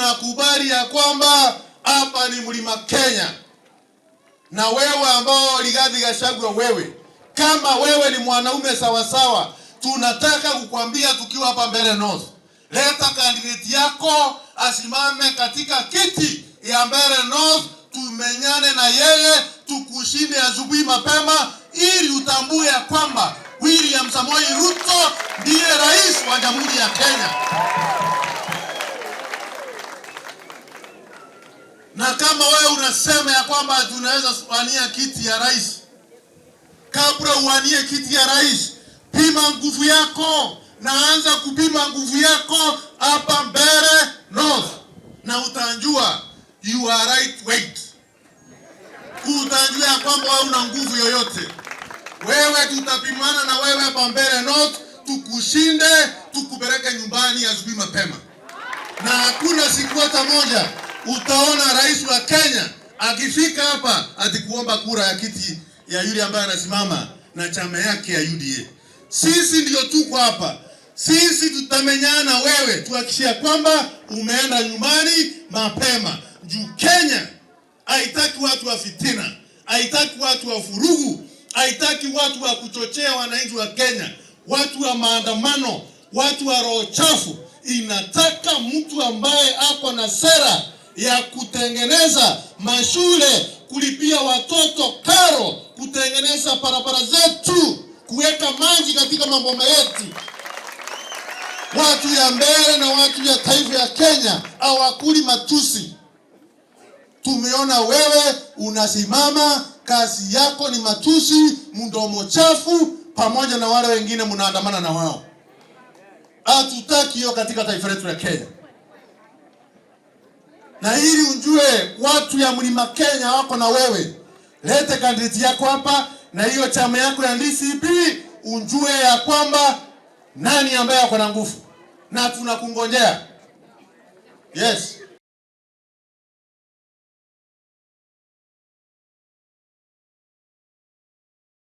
tunakubali ya kwamba hapa ni mlima Kenya, na wewe ambao Rigathi Gachagua, wewe kama wewe ni mwanaume sawasawa, tunataka kukwambia tukiwa hapa mbele North, leta kandidati yako asimame katika kiti ya mbele North, tumenyane na yeye, tukushinde asubuhi mapema, ili utambue ya kwamba William Samoei Ruto ndiye rais wa Jamhuri ya Kenya. Na kama wewe unasema ya kwamba tunaweza kuwania kiti ya rais, kabla uwanie kiti ya rais, pima nguvu yako, naanza kupima nguvu yako hapa mbele North, na utajua you are right weight, utanjua ya kwamba wewe una nguvu yoyote. Wewe tutapimana na wewe hapa mbele North, tukushinde, tukupeleke nyumbani asubuhi mapema, na hakuna siku hata moja Utaona rais wa Kenya akifika hapa atikuomba kura ya kiti ya yule ambaye anasimama na chama yake ya UDA. Sisi ndio tuko hapa, sisi tutamenyana wewe, tuhakishia kwamba umeenda nyumbani mapema, juu Kenya haitaki watu wa fitina, haitaki watu wa furugu, haitaki watu wa kuchochea wananchi wa Kenya, watu wa maandamano, watu wa roho chafu. Inataka mtu ambaye ako na sera ya kutengeneza mashule, kulipia watoto karo, kutengeneza barabara zetu, kuweka maji katika maboma yetu. Watu ya Mbeere na watu ya taifa ya Kenya hawakuli matusi. Tumeona wewe unasimama, kazi yako ni matusi, mdomo chafu, pamoja na wale wengine mnaandamana na wao. Hatutaki hiyo katika taifa letu la Kenya na ili ujue watu ya mlima Kenya wako na wewe, lete kandidati yako hapa na hiyo chama yako ya DCP, ujue ya kwamba nani ambaye ako na nguvu na tunakungojea. Yes.